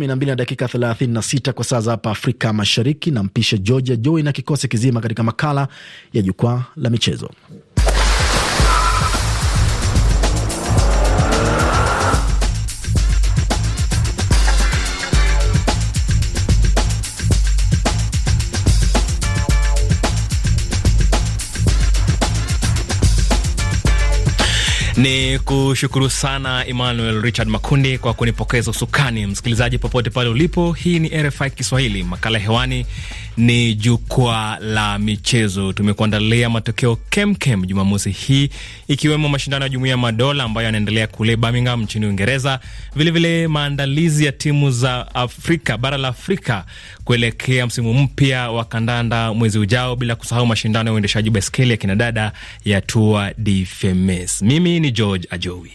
12 na dakika 36 kwa saa za hapa Afrika Mashariki. Nampisha Georgia Joy na kikosi kizima katika makala ya jukwaa la michezo. kushukuru sana Emmanuel Richard Makundi kwa kunipokeza usukani. Msikilizaji popote pale ulipo, hii ni RFI Kiswahili, makala hewani ni jukwaa la michezo. Tumekuandalia matokeo kemkem Jumamosi hii ikiwemo mashindano ya Jumuiya ya Madola ambayo yanaendelea kule Birmingham nchini Uingereza, vilevile maandalizi ya timu za Afrika, bara la Afrika kuelekea msimu mpya wa kandanda mwezi ujao, bila kusahau mashindano ya uendeshaji baiskeli ya kinadada ya Tour de Femmes. Mimi ni George Ajowi.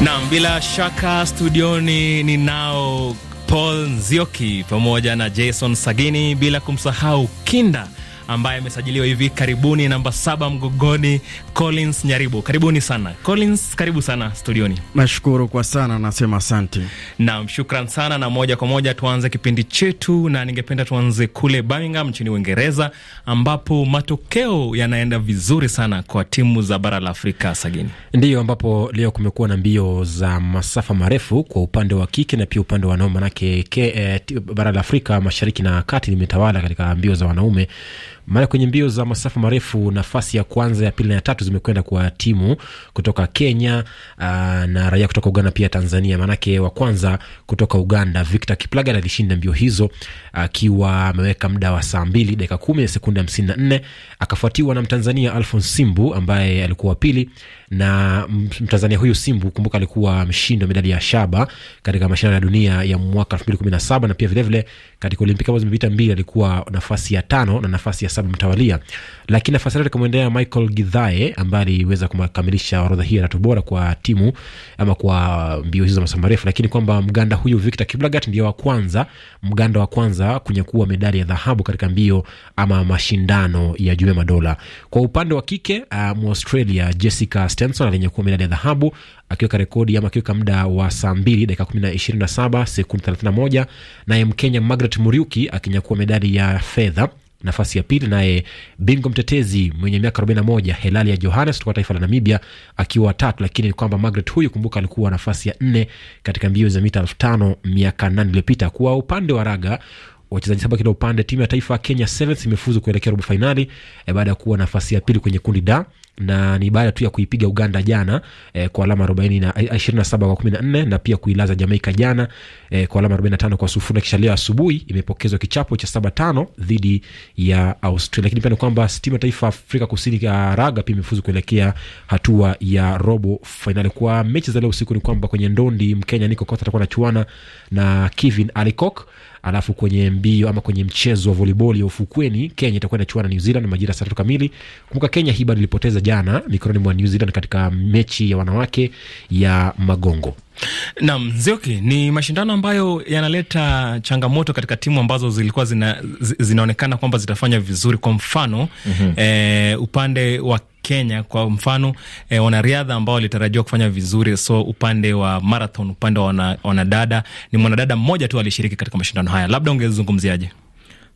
Naam, bila shaka studioni ninao Paul Nzioki pamoja na Jason Sagini, bila kumsahau Kinda ambaye amesajiliwa hivi karibuni, namba saba mgogoni Collins Nyaribo. Karibuni sana Collins, karibu sana studioni. Nashukuru kwa sana, nasema asante. Naam, shukran sana, na moja kwa moja tuanze kipindi chetu, na ningependa tuanze kule Birmingham nchini Uingereza, ambapo matokeo yanaenda vizuri sana kwa timu za bara la Afrika. Sagini, ndiyo ambapo leo kumekuwa na mbio za masafa marefu kwa upande wa kike na pia upande wa wanaume, manake eh, bara la Afrika mashariki na kati limetawala katika mbio za wanaume maana kwenye mbio za masafa marefu nafasi ya kwanza, ya pili na ya tatu zimekwenda kwa timu kutoka Kenya aa, ah, na raia kutoka Uganda pia Tanzania. Maanake wa kwanza kutoka Uganda Victor Kiplagat alishinda mbio hizo akiwa ameweka muda wa saa mbili dakika kumi na sekunde hamsini na nne akafuatiwa na Mtanzania Alphonse Simbu ambaye alikuwa wa pili na Mtanzania huyu Simbu, kumbuka, alikuwa mshindi wa medali ya shaba katika mashindano ya dunia ya mwaka elfu mbili kumi na saba na pia vilevile katika Olimpiki ambazo zimepita mbili alikuwa nafasi ya tano na nafasi ya saba mtawalia, lakini nafasi tatu ikamwendea Michael Gidhae ambaye aliweza kukamilisha orodha hii ya tatu bora kwa timu ama kwa mbio hizo za masafa marefu, lakini kwamba Mganda huyu Victor kiblagat ndio wa kwanza, Mganda wa kwanza kunyakua medali ya dhahabu katika mbio ama mashindano ya Jumuiya ya Madola. Kwa upande wa kike, uh, Mwaustralia um, Jessica Stenson lenye kuwa medali ya dhahabu akiweka rekodi ama akiweka muda wa saa 2 dakika 27 sekunde 31, naye Mkenya Margaret Muriuki akinyakua medali ya fedha nafasi ya pili, naye bingwa mtetezi mwenye miaka 41 Helali ya Johannes kutoka taifa la Namibia akiwa tatu. Lakini ni kwamba Margaret huyu, kumbuka, alikuwa nafasi ya nne katika mbio za mita elfu tano miaka nane iliyopita. Kwa upande wa raga wachezaji saba kila upande. Timu ya taifa ya Kenya Sevens imefuzu kuelekea robo fainali e, eh, baada ya kuwa nafasi ya pili kwenye kundi da na ni baada tu ya kuipiga Uganda jana e, kwa alama arobaini na eh, ishirini na saba kwa kumi na nne na pia kuilaza Jamaika jana e, kwa alama arobaini na tano kwa sufuri, na kisha leo asubuhi imepokezwa kichapo cha saba tano dhidi ya Australia. Lakini pia ni kwamba timu ya taifa Afrika Kusini ya raga pia imefuzu kuelekea hatua ya robo fainali. Kwa mechi za leo usiku ni kwamba kwenye ndondi Mkenya Nico Koech atakuwa anachuana na Kevin Alcock Alafu kwenye mbio ama kwenye mchezo wa voliboli ya ufukweni, Kenya itakuwa inachuana na New Zealand majira saa tatu kamili. Kumbuka Kenya hiba ilipoteza jana mikononi mwa New Zealand katika mechi ya wanawake ya magongo. Naam, Zioki, ni mashindano ambayo yanaleta changamoto katika timu ambazo zilikuwa zina, zinaonekana kwamba zitafanya vizuri. Kwa mfano mm -hmm. eh, upande wa Kenya kwa mfano eh, wanariadha ambao walitarajiwa kufanya vizuri, so upande wa marathon, upande wa wanadada, ni mwanadada mmoja tu alishiriki katika mashindano haya, labda ungezungumziaje?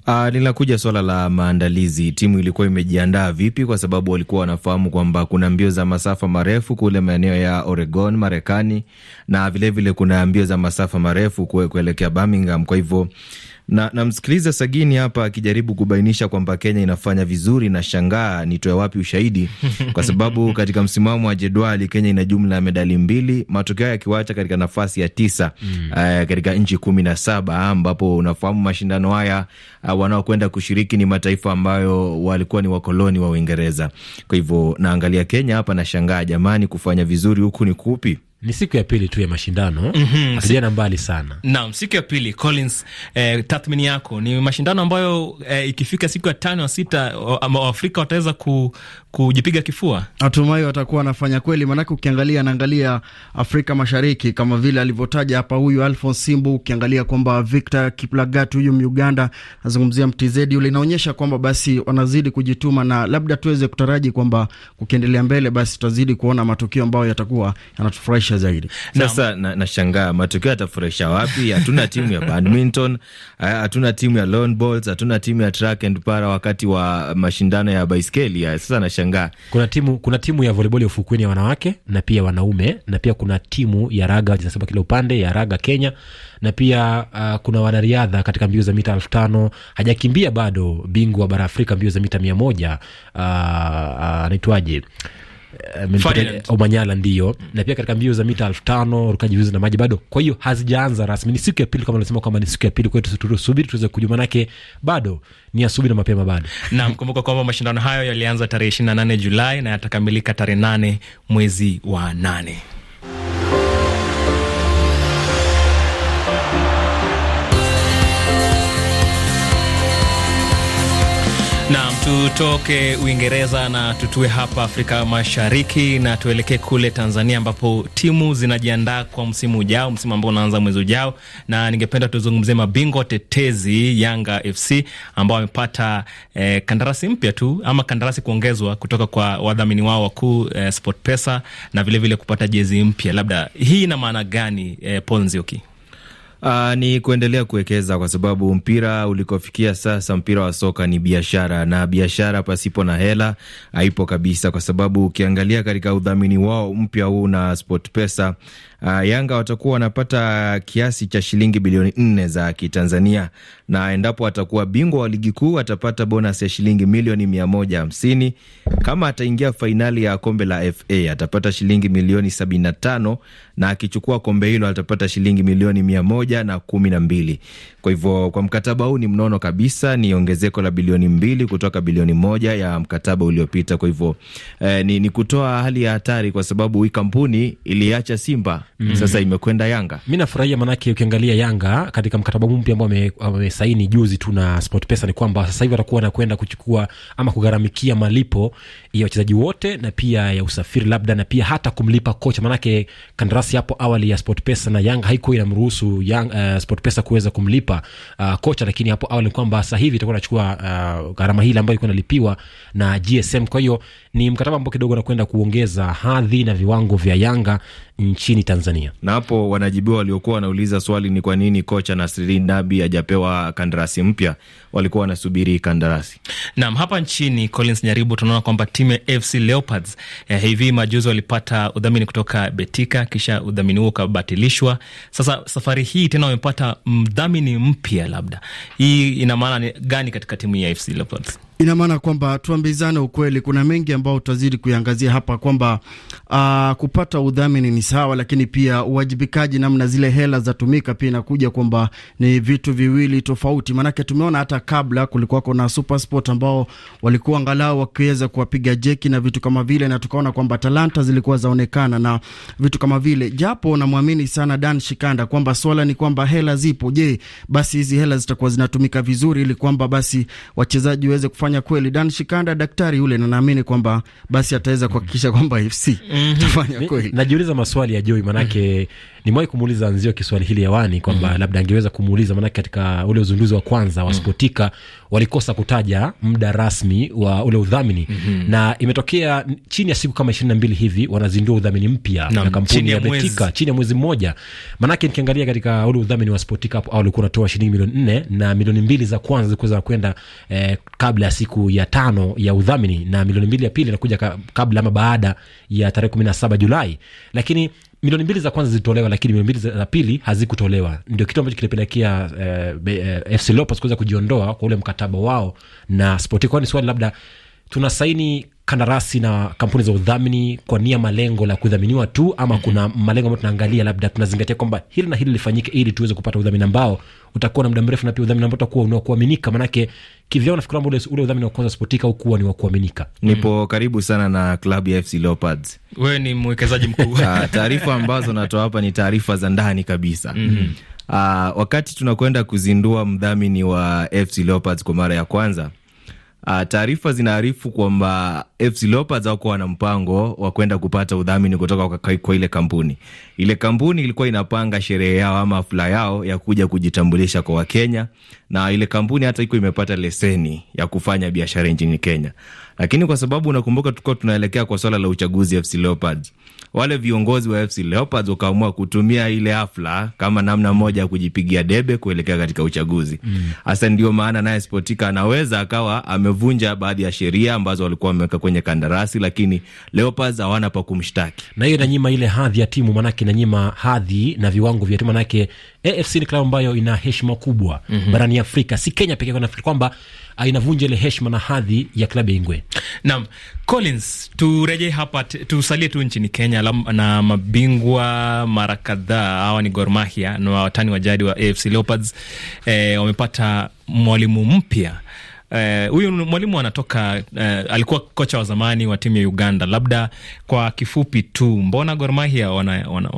Uh, linakuja swala la maandalizi. Timu ilikuwa imejiandaa vipi? Kwa sababu walikuwa wanafahamu kwamba kuna mbio za masafa marefu kule maeneo ya Oregon, Marekani, na vilevile vile kuna mbio za masafa marefu kuelekea Birmingham. Kwa hivyo na namsikiliza Sagini hapa akijaribu kubainisha kwamba Kenya inafanya vizuri, na shangaa nitoe wapi ushahidi, kwa sababu katika msimamo wa jedwali Kenya ina jumla ya medali mbili, matokeo yakiwacha katika nafasi ya tisa mm. uh, katika nchi kumi na saba ah, ambapo unafahamu mashindano haya uh, wanaokwenda kushiriki ni mataifa ambayo walikuwa ni wakoloni wa Uingereza. Kwa hivyo naangalia Kenya hapa na shangaa, jamani, kufanya vizuri huku ni kupi? ni siku ya pili tu ya mashindano mm -hmm, hatujana mbali sana. Naam, siku ya pili Collins, eh, tathmini yako ni mashindano ambayo eh, ikifika siku ya tano sita Waafrika wataweza ku, kujipiga kifua. Natumai watakuwa wanafanya kweli, maanake ukiangalia naangalia Afrika Mashariki kama vile alivyotaja hapa huyu Alfon Simbu, ukiangalia kwamba Victor Kiplagat huyu Muganda nazungumzia mtizedi yule, inaonyesha kwamba basi wanazidi kujituma na labda tuweze kutaraji kwamba kukiendelea mbele, basi tutazidi kuona matukio ambayo yatakuwa yanatufurahisha kufurahisha zaidi. Sasa nashangaa na matokeo yatafurahisha wapi? Hatuna timu ya badminton, eh, hatuna timu ya lawn bowls, hatuna timu ya track and para wakati wa mashindano ya baiskeli. Eh, sasa nashangaa kuna timu, kuna timu ya volleyball ya ufukweni ya wanawake na pia wanaume, na pia kuna timu ya raga zinasema kila upande ya raga Kenya, na pia uh, kuna wanariadha katika mbio za mita elfu tano hajakimbia bado, bingwa bara Afrika mbio za mita mia moja ah, ah, anaitwaje? Uh, uh, Eh, Omanyala ndio mm. na pia katika mbio za mita elfu tano rukaji vizu na maji bado, kwa hiyo hazijaanza rasmi. Ni siku ya pili kama nasema kwamba ni siku ya pili, kwa hiyo tusubiri tuweze kujua, manake bado ni asubuhi na mapema bado. Naam, kumbuka kwamba mashindano hayo yalianza tarehe 28 Julai na yatakamilika tarehe 8 mwezi wa 8. Tutoke Uingereza na tutue hapa Afrika Mashariki na tuelekee kule Tanzania ambapo timu zinajiandaa kwa msimu ujao, msimu ambao unaanza mwezi ujao, na ningependa tuzungumzie mabingwa tetezi Yanga FC ambao wamepata eh, kandarasi mpya tu ama kandarasi kuongezwa kutoka kwa wadhamini wao wakuu eh, Pesa na vilevile vile kupata jezi mpya. Labda hii ina maana gani eh, Paul Nzioki? Uh, ni kuendelea kuwekeza kwa sababu mpira ulikofikia sasa, mpira wa soka ni biashara, na biashara pasipo na hela haipo kabisa, kwa sababu ukiangalia katika udhamini wao mpya huu na SportPesa uh, Yanga watakuwa wanapata kiasi cha shilingi bilioni nne za Kitanzania na endapo atakuwa bingwa wa ligi kuu atapata bonus ya shilingi milioni 150. Kama ataingia fainali ya kombe la FA atapata shilingi milioni 75, na akichukua kombe hilo atapata shilingi milioni 112. Kwa hivyo kwa mkataba huu ni mnono kabisa, ni ongezeko la bilioni mbili kutoka bilioni moja ya mkataba uliopita. Kwa hivyo eh, ni, ni kutoa hali ya hatari kwa sababu hii kampuni iliacha Simba mm. Sasa imekwenda Yanga. Mimi nafurahia manake ukiangalia Yanga katika mkataba mpya ambao ame saini juzi tu na pesa ni kwamba sasa hivi watakuwa wanakwenda kuchukua ama kugharamikia malipo ya wachezaji wote na pia ya usafiri labda, na pia hata kumlipa kocha, manake kandarasi hapo awali ya SportPesa na Yanga haikuwa inamruhusu Yanga, uh, SportPesa kuweza kumlipa uh, kocha, lakini hapo awali kwamba sasa hivi itakuwa inachukua uh, gharama hili ambayo ilikuwa inalipiwa na GSM. Kwa hiyo ni mkataba ambao kidogo nakwenda kuongeza hadhi na viwango vya Yanga nchini Tanzania, na hapo wanajibiwa waliokuwa wanauliza swali ni kwa nini kocha Nasreddine Nabi hajapewa kandarasi mpya, walikuwa wanasubiri kandarasi. Naam, hapa nchini Collins Nyaribu tunaona kwamba timu ya FC Leopards eh, hivi majuzi walipata udhamini kutoka Betika, kisha udhamini huo ukabatilishwa. Sasa safari hii tena wamepata mdhamini mpya, labda hii ina maana gani katika timu ya FC Leopards? Ina maana kwamba tuambizane ukweli, kuna mengi ambayo utazidi kuiangazia hapa kwamba uh, kupata udhamini ni sawa, lakini pia uwajibikaji, namna zile hela zatumika, pia inakuja kwamba ni vitu viwili tofauti. Maanake tumeona hata kabla kulikuwako na SuperSport ambao walikuwa angalau wakiweza kuwapiga jeki na vitu kama vile, na tukaona kwamba talanta zilikuwa zaonekana na vitu kama vile, japo namwamini sana Dan Shikanda kwamba swala ni kwamba hela zipo. Je, basi hizi hela zitakuwa zinatumika vizuri ili kwamba basi wachezaji waweze kufanya kufanya kweli. Dan Shikanda daktari yule, na naamini kwamba basi ataweza kuhakikisha kwamba FC mhm. tafanya kweli. Najiuliza maswali ya Joy manake ni mhm. mwai nimewahi kumuuliza Nzio kiswali hili hewani kwamba mm -hmm. labda angeweza kumuuliza manake katika ule uzinduzi wa kwanza wa mhm. Sportika mm -hmm walikosa kutaja muda rasmi wa ule udhamini mm-hmm. na imetokea chini ya siku kama ishirini na mbili hivi wanazindua udhamini mpya na kampuni ya Betika chini ya mwezi mmoja. Maanake nikiangalia katika ule udhamini wa Sportica hapo awali ulikuwa unatoa shilingi milioni nne na milioni mbili za kwanza zikuweza kwenda eh, kabla ya siku ya tano ya udhamini na milioni mbili ya pili inakuja kabla ama baada ya tarehe kumi na saba Julai, lakini milioni mbili za kwanza zilitolewa, lakini milioni mbili za pili hazikutolewa. Ndio kitu ambacho kilipelekea eh, eh, FC Leopards kuweza kujiondoa kwa ule mkataba wao na Sporting, kwani swali labda tunasaini kandarasi na kampuni za udhamini kwa nia malengo la kudhaminiwa tu, ama mm -hmm. kuna malengo ambayo tunaangalia, labda tunazingatia kwamba hili na hili lifanyike ili tuweze kupata udhamini ambao utakuwa na muda mrefu na pia udhamini ambao utakuwa ni wa kuaminika manake kivyao nafikiri kwamba ule udhamini wa kwanza Sportika ukuwa ni wa kuaminika. Nipo karibu sana na klabu ya FC Leopards. Wewe ni mwekezaji mkuu. Ah, taarifa ambazo natoa hapa ni taarifa za ndani kabisa. Mm-hmm. Uh, wakati tunakwenda kuzindua mdhamini wa FC Leopards kwa mara ya kwanza Ah, taarifa zinaarifu kwamba FC Leopards hawakuwa na mpango wa kwenda kupata udhamini kutoka kwa, kwa ile kampuni. Ile kampuni ilikuwa inapanga sherehe yao ama hafla yao ya kuja kujitambulisha kwa Wakenya, na ile kampuni hata iko imepata leseni ya kufanya biashara nchini Kenya, lakini kwa sababu unakumbuka, tulikuwa tunaelekea kwa swala la uchaguzi FC Leopards, wale viongozi wa FC Leopards wakaamua kutumia ile hafla kama namna moja ya kujipigia debe kuelekea katika uchaguzi mm. hasa. Mm. Ndio maana naye Sportika anaweza akawa amevunja baadhi ya sheria ambazo walikuwa wameweka kwenye kandarasi, lakini Leopards hawana pa kumshtaki, na hiyo inanyima ile hadhi ya timu, manake inanyima hadhi na viwango vya timu, manake AFC ni klabu ambayo ina heshima kubwa mm -hmm. barani Afrika, si Kenya pekee, nafikiri kwamba inavunja ile heshima na hadhi ya klabu ya Ingwe. Naam, Collins, turejee hapa, tusalie tu nchini Kenya na mabingwa mara kadhaa hawa ni Gor Mahia na watani wa jadi wa AFC Leopards eh, wamepata mwalimu mpya Eh, huyu uh, mwalimu anatoka uh, alikuwa kocha wa zamani wa timu ya Uganda. Labda kwa kifupi tu, mbona Gor Mahia wanaangalia wana,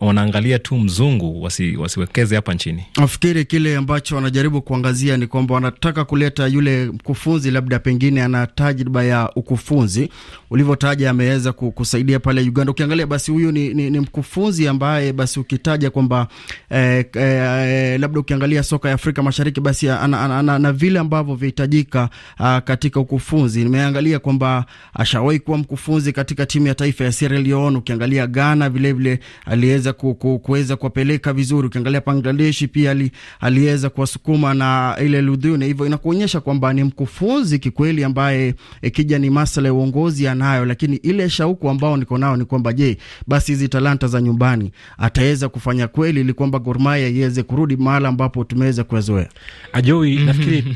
wana, wana tu mzungu wasi, wasiwekeze hapa nchini? Nafikiri kile ambacho wanajaribu kuangazia ni kwamba wanataka kuleta yule mkufunzi, labda pengine ana tajriba ya ukufunzi ulivyotaja, ameweza kusaidia pale Uganda. Ukiangalia basi huyu ni, ni, ni mkufunzi ambaye basi ukitaja kwamba eh, eh, eh labda ukiangalia soka ya Afrika Mashariki basi ana, ana, ana, ana, ana vile ambavyo vihitaji kuwajibika uh, katika ukufunzi. Nimeangalia kwamba ashawahi kuwa mkufunzi katika timu ya taifa ya Sierra Leone, ukiangalia Ghana vilevile aliweza kuweza kuwapeleka vizuri, ukiangalia Bangladesh pia ali, aliweza kuwasukuma na ile ludhune. Hivyo inakuonyesha kwamba ni mkufunzi kikweli ambaye ikija ni masuala ya uongozi anayo, lakini ile shauku ambao niko nao ni kwamba je, basi hizi talanta za nyumbani ataweza kufanya kweli, ili kwamba Gor Mahia iweze kurudi mahala ambapo tumeweza kuyazoea. Ajoi, nafikiri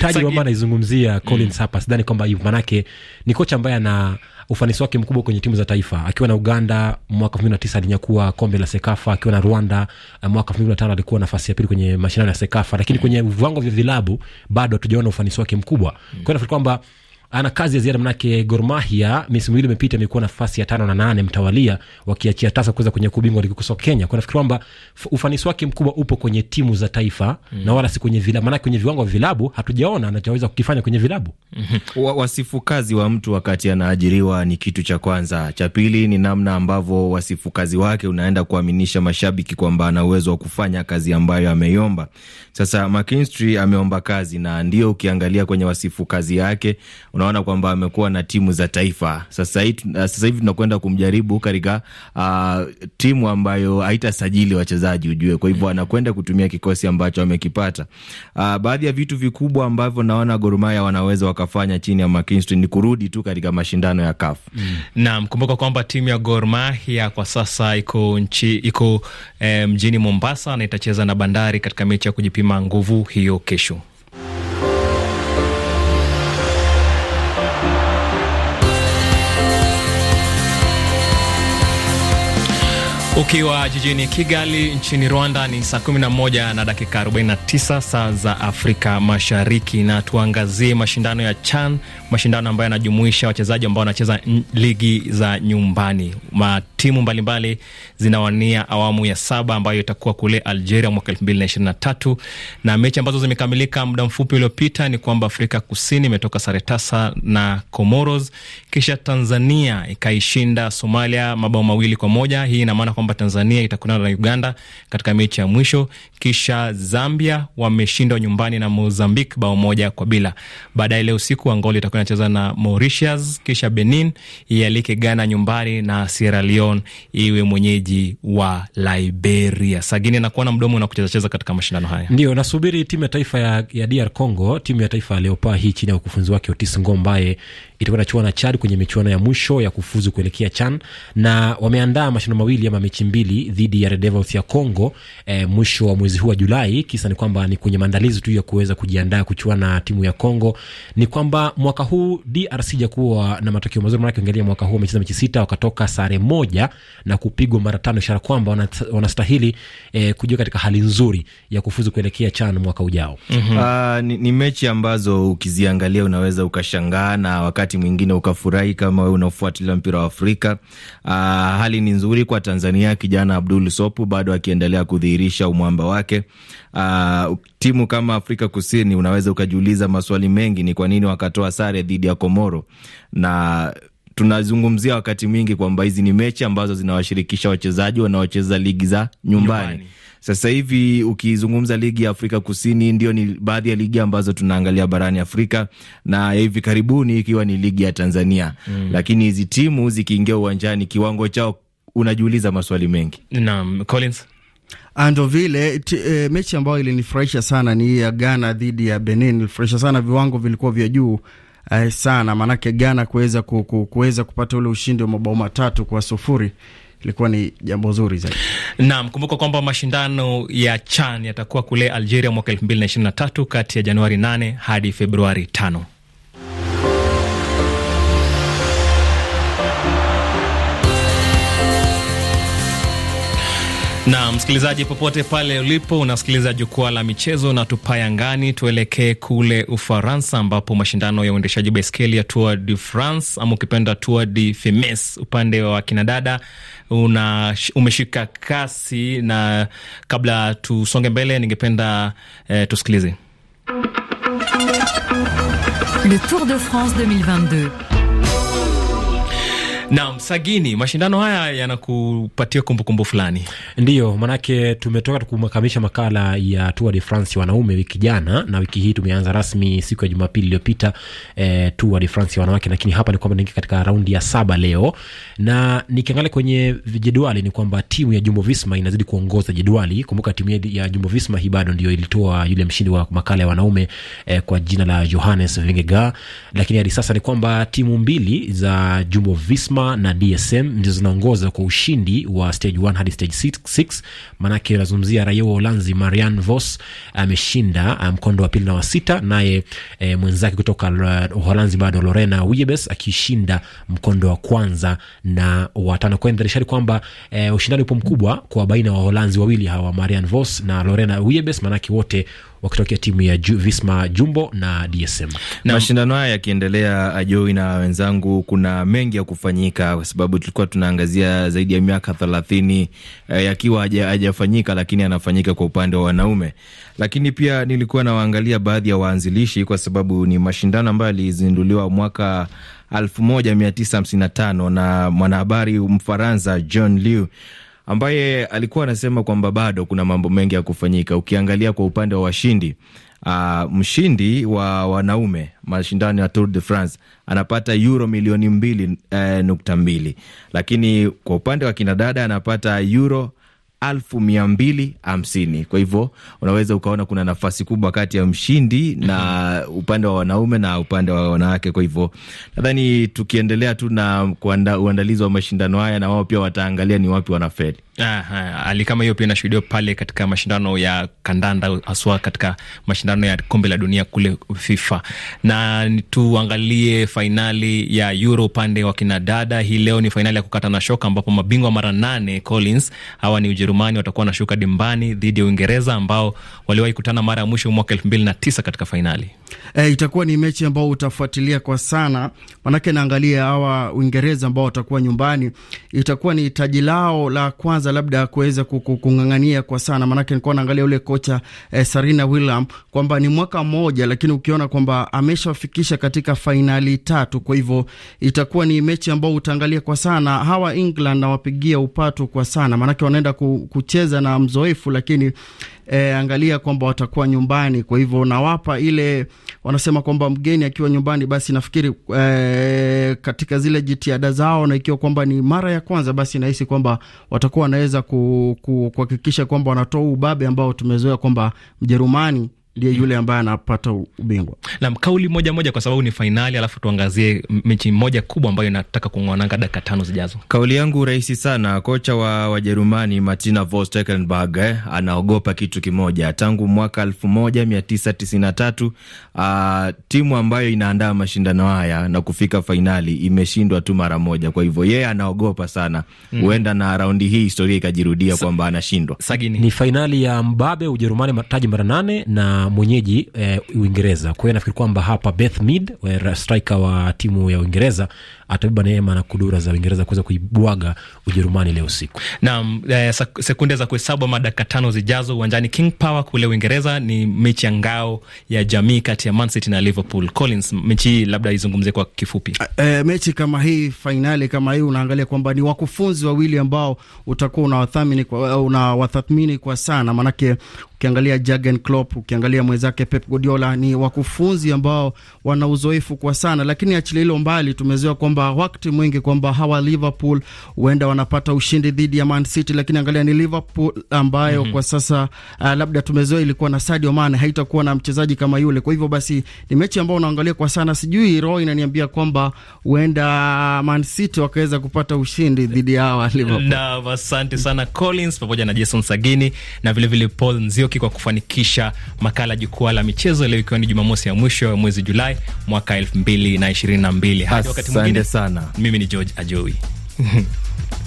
taji ambayo anaizungumzia Collins mm. hapa, sidhani kwamba hivyo, manake ni kocha ambaye ana ufanisi wake mkubwa kwenye timu za taifa. Akiwa na Uganda mwaka elfu mbili na tisa alinyakua kombe la Sekafa, akiwa na Rwanda mwaka elfu mbili na tano alikuwa nafasi ya pili kwenye mashindano ya Sekafa, lakini mm. kwenye viwango vya vilabu bado hatujaona ufanisi wake mkubwa. Mm. Kwa hiyo nafikiri kwamba ana kazi ya ziada, manake Gor Mahia misimu ile imepita imekuwa nafasi ya tano na nane mtawalia, wakiachia tasa kuweza kwenye kubingwa ligi kuu Kenya. Kwa nafikiri kwamba ufanisi wake mkubwa upo kwenye timu za taifa mm. na wala si kwenye vilabu, manake kwenye viwango vya vilabu hatujaona anachoweza kukifanya kwenye vilabu mm mm-hmm. -hmm. wasifu kazi wa mtu wakati anaajiriwa ni kitu cha kwanza. Cha pili ni namna ambavyo wasifu kazi wake unaenda kuaminisha mashabiki kwamba ana uwezo wa kufanya kazi ambayo ameiomba. Sasa McKinstry ameomba kazi na ndio ukiangalia kwenye wasifu kazi yake una unaona kwamba amekuwa na timu za taifa. Sasa hivi tunakwenda kumjaribu katika uh, timu ambayo haitasajili wachezaji ujue, kwa hivyo anakwenda kutumia kikosi ambacho amekipata. Uh, baadhi ya vitu vikubwa ambavyo naona Gor Mahia wanaweza wakafanya chini ya McKinstry ni kurudi tu katika mashindano ya CAF. Mm. Naam, kumbuka kwamba timu ya Gor Mahia kwa sasa iko nchi iko eh, mjini Mombasa na itacheza na Bandari katika mechi ya kujipima nguvu hiyo kesho. Ukiwa jijini Kigali nchini Rwanda ni saa 11 na dakika 49 saa za Afrika Mashariki, na tuangazie mashindano ya CHAN, mashindano ambayo yanajumuisha wachezaji ambao wanacheza ligi za nyumbani. Matimu mbalimbali zinawania awamu ya saba ambayo itakuwa kule Algeria mwaka 2023 na mechi ambazo zimekamilika muda mfupi uliopita ni kwamba Afrika Kusini imetoka sare tasa na Comoros, kisha Tanzania ikaishinda Somalia mabao mawili kwa moja. Hii ina maana kwamba Tanzania itakutana na Uganda katika mechi ya mwisho, kisha Zambia wameshindwa nyumbani na Mozambique bao moja kwa bila. Baadaye leo usiku Angola itakuwa inacheza na Mauritius, kisha Benin ialike Ghana nyumbani na Sierra Leone iwe mwenyeji wa Liberia. Sagini nakuona mdomo unakuchezacheza katika mashindano haya. Ndio nasubiri timu ya taifa ya, ya DR Congo, timu ya taifa ya Leopards hii chini ya ukufunzi wake Otis Ngo Ngombaye itakuwa inachuana na Chad kwenye michuano ya mwisho ya kufuzu kuelekea CHAN na wameandaa mashindano mawili ama mechi mbili dhidi ya Red Devils ya Congo e, mwisho wa mwezi huu wa Julai. Kisa ni kwamba ni kwenye maandalizi tu ya kuweza kujiandaa kuchuana na timu ya Congo. Ni kwamba mwaka huu DRC jakuwa na matokeo mazuri, maanake angalia mwaka huu wamecheza mechi sita wakatoka sare moja na kupigwa mara tano, ishara kwamba wanastahili e, kujua katika hali nzuri ya kufuzu kuelekea CHAN mwaka ujao. mm -hmm. Uh, ni, ni mechi ambazo ukiziangalia unaweza ukashangaa na wakati wakati mwingine ukafurahi kama wewe unafuatilia mpira wa Afrika. Uh, hali ni nzuri kwa Tanzania. Kijana Abdul Sopu bado akiendelea kudhihirisha umwamba wake. Uh, timu kama Afrika Kusini unaweza ukajiuliza maswali mengi, ni kwa nini wakatoa sare dhidi ya Komoro na tunazungumzia wakati mwingi kwamba hizi ni mechi ambazo zinawashirikisha wachezaji wanaocheza ligi za nyumbani, nyumbani. Sasa hivi ukizungumza ligi ya Afrika Kusini, ndio ni baadhi ya ligi ambazo tunaangalia barani Afrika na hivi karibuni ikiwa ni ligi ya Tanzania mm. Lakini hizi timu zikiingia uwanjani, kiwango chao unajiuliza maswali mengi. Naam, Collins ah, Ndo vile e, mechi ambayo ilinifurahisha sana ni ya Ghana dhidi ya Benin. Ilifurahisha sana, viwango vilikuwa vya juu eh, sana maanake Ghana kuweza kuweza kupata ule ushindi wa mabao matatu kwa sufuri ilikuwa ni jambo zuri zaidi. Naam, kumbuka kwamba mashindano ya CHAN yatakuwa kule Algeria mwaka elfu mbili na ishirini na tatu kati ya Januari 8 hadi Februari tano. Na msikilizaji, popote pale ulipo, unasikiliza jukwaa la michezo na tupaya ngani. Tuelekee kule Ufaransa ambapo mashindano ya uendeshaji baiskeli ya Tour de France ama ukipenda Tour de Femmes upande wa kinadada una umeshika kasi, na kabla tusonge mbele, ningependa eh, tusikilize Le Tour de France 2022 Naam, Sagini, mashindano haya yanakupatia kumbukumbu fulani? Ndiyo, manake tumetoka kumakamisha makala ya Tour de France wanaume wiki jana, na wiki hii tumeanza rasmi siku ya Jumapili iliyopita eh, Tour de France wanawake, lakini hapa ni kwamba niki katika raundi ya saba leo, na nikiangalia kwenye jedwali ni kwamba timu ya Jumbo Visma inazidi kuongoza jedwali. Kumbuka timu ya Jumbo Visma hii bado ndio ilitoa yule mshindi wa makala ya wanaume eh, kwa jina la Johannes Vingegaard, lakini hadi sasa ni kwamba timu mbili za Jumbo Visma Chadema na DSM ndizo zinaongoza kwa ushindi wa stage 1 hadi stage 6. Manake nazungumzia raia wa Uholanzi Marian Vos ameshinda ah, mkondo wa pili na wa sita, naye e, mwenzake kutoka uh, Uholanzi bado Lorena Wiebes akishinda mkondo wa kwanza na wa tano. Kwa hiyo ishara kwamba e, ushindani upo mkubwa kwa baina wa Waholanzi wawili hawa Marian Vos na Lorena Wiebes, manake wote wakitokea timu ya Ju, Visma Jumbo na DSM. Na mashindano haya yakiendelea, Ajoi na wenzangu, kuna mengi ya kufanyika, kwa sababu tulikuwa tunaangazia zaidi ya miaka thelathini eh, yakiwa hajafanyika, lakini anafanyika kwa upande wa wanaume. Lakini pia nilikuwa nawaangalia baadhi ya waanzilishi, kwa sababu ni mashindano ambayo yalizinduliwa mwaka 1955 na mwanahabari Mfaransa John Liu ambaye alikuwa anasema kwamba bado kuna mambo mengi ya kufanyika. Ukiangalia kwa upande wa washindi Uh, mshindi wa wanaume mashindano ya Tour de France anapata euro milioni mbili eh, nukta mbili, lakini kwa upande wa kinadada anapata euro elfu mia mbili hamsini. Kwa hivyo unaweza ukaona kuna nafasi kubwa kati ya mshindi na upande wa wanaume na upande wa wanawake. Kwa hivyo nadhani tukiendelea tu na uandalizi wa mashindano haya, na wao pia wataangalia ni wapi wanafeli. Hali kama hiyo pia inashuhudiwa pale katika mashindano ya kandanda, haswa katika mashindano ya kombe la dunia kule FIFA. Na tuangalie fainali ya Euro upande wa kinadada. Hii leo ni fainali ya kukata na shoka, ambapo mabingwa mara nane Collins hawa ni Ujerumani watakuwa na shuka dimbani dhidi ya Uingereza ambao waliwahi kutana mara ya mwisho mwaka elfu mbili na tisa katika fainali. E, itakuwa ni mechi ambao utafuatilia kwa sana, manake naangalia hawa Uingereza ambao watakuwa nyumbani, itakuwa ni taji lao la kwanza kwanza labda kuweza kung'ang'ania kwa sana, maanake nilikuwa naangalia ule kocha eh, Sarina William kwamba ni mwaka mmoja, lakini ukiona kwamba ameshafikisha katika fainali tatu, kwa hivyo itakuwa ni mechi ambao utaangalia kwa sana. Hawa England nawapigia upatu kwa sana, maanake wanaenda kucheza na mzoefu, lakini e, angalia kwamba watakuwa nyumbani. Kwa hivyo nawapa ile wanasema kwamba mgeni akiwa nyumbani, basi nafikiri e, katika zile jitihada zao, na ikiwa kwamba ni mara ya kwanza, basi nahisi kwamba watakuwa wanaweza kuhakikisha ku, kwamba wanatoa ubabe ambao tumezoea kwamba Mjerumani ndiye yule ambaye anapata ubingwa. Naam, kauli moja moja, kwa sababu ni fainali, alafu tuangazie mechi moja kubwa ambayo inataka kung'wananga dakika tano zijazo. Kauli yangu rahisi sana. Kocha wa Wajerumani Martina Vos Tecklenburg eh, anaogopa kitu kimoja tangu mwaka elfu moja mia tisa tisini na tatu. Uh, timu ambayo inaandaa mashindano haya na kufika fainali imeshindwa tu mara moja, kwa hivyo yeye anaogopa sana, mm. huenda mm, na raundi hii historia ikajirudia kwamba anashindwa. Ni fainali ya mbabe Ujerumani, mataji mara nane na mwenyeji eh, Uingereza. Kwa hiyo nafikiri kwamba hapa Beth Mead eh, striker wa timu ya Uingereza atabeba neema na kudura za Uingereza kuweza kuibwaga Ujerumani leo usiku. Naam, eh, sekunde za kuhesabu ama dakika tano zijazo uwanjani King Power kule Uingereza ni mechi ya ngao ya jamii kati ya Man City na Liverpool. Collins, mechi hii labda izungumzie kwa kifupi. Eh, eh, mechi kama hii, fainali kama hii, unaangalia kwamba ni wakufunzi wawili ambao utakuwa unawathamini kwa, eh, unawathamini kwa sana maanake ukiangalia Jurgen Klopp, ukiangalia mwenzake Pep Guardiola, ni wakufunzi ambao wana uzoefu kwa sana, lakini achilia hilo mbali, tumezoea kwamba wakati mwingi kwamba hawa Liverpool huenda wanapata ushindi dhidi ya Man City, lakini angalia ni Liverpool ambayo mm -hmm. kwa sasa uh, labda tumezoea ilikuwa na Sadio Mane, haitakuwa na mchezaji kama yule. Kwa hivyo basi ni mechi ambayo unaangalia kwa sana, sijui roho inaniambia kwamba huenda Man City wakaweza kupata ushindi dhidi ya hawa Liverpool. Na asante sana Collins pamoja na Jason Sagini na vile vile Paul Nzio Nzioki kwa kufanikisha makala jukwaa la michezo leo, ikiwa ni Jumamosi ya mwisho ya mwezi Julai mwaka elfu mbili na ishirini na mbili. Hadi wakati mwingine sana, mimi ni George ajoi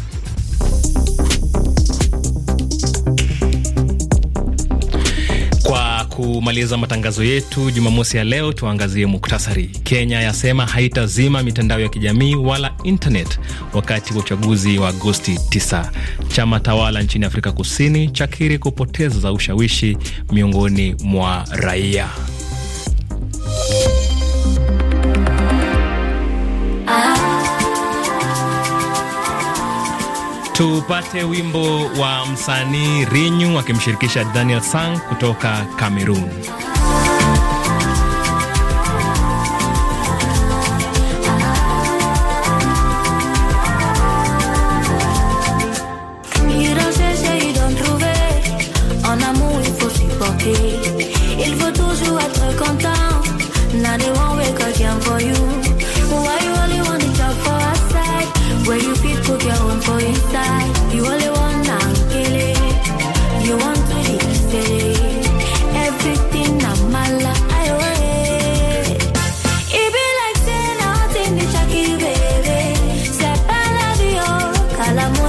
kumaliza matangazo yetu Jumamosi ya leo, tuangazie muktasari. Kenya yasema haitazima mitandao ya kijamii wala internet wakati wa uchaguzi wa Agosti 9. Chama tawala nchini Afrika Kusini chakiri kupoteza ushawishi miongoni mwa raia. Tupate wimbo wa msanii Rinyu akimshirikisha Daniel Sang kutoka Cameroon. al amor.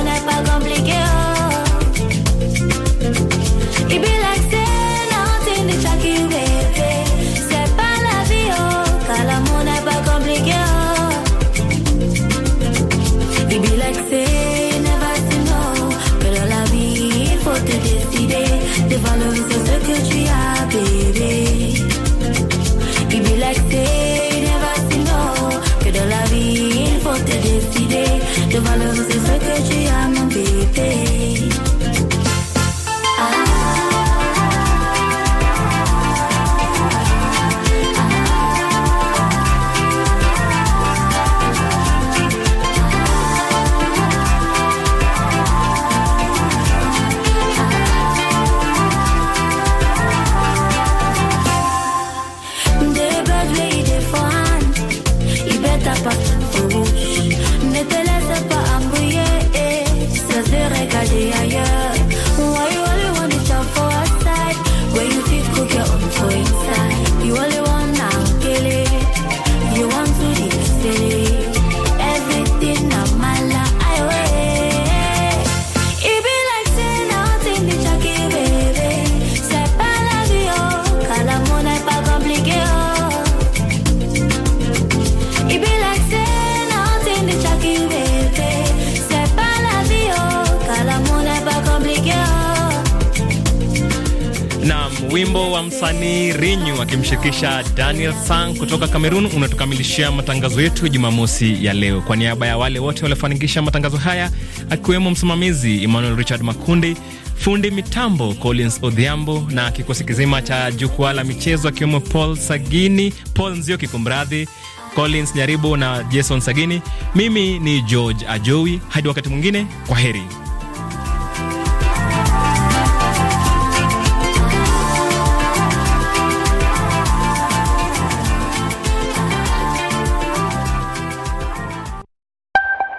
wimbo wa msanii Rinyu akimshirikisha Daniel Sang kutoka Kamerun unatukamilishia matangazo yetu Jumamosi ya leo. Kwa niaba ya wale wote waliofanikisha matangazo haya, akiwemo msimamizi Emmanuel Richard Makundi, fundi mitambo Collins Odhiambo na kikosi kizima cha jukwaa la michezo akiwemo Paul Sagini, Paul Nzio kikumradhi, Collins Nyaribu na Jason Sagini. Mimi ni George Ajowi, hadi wakati mwingine, kwa heri.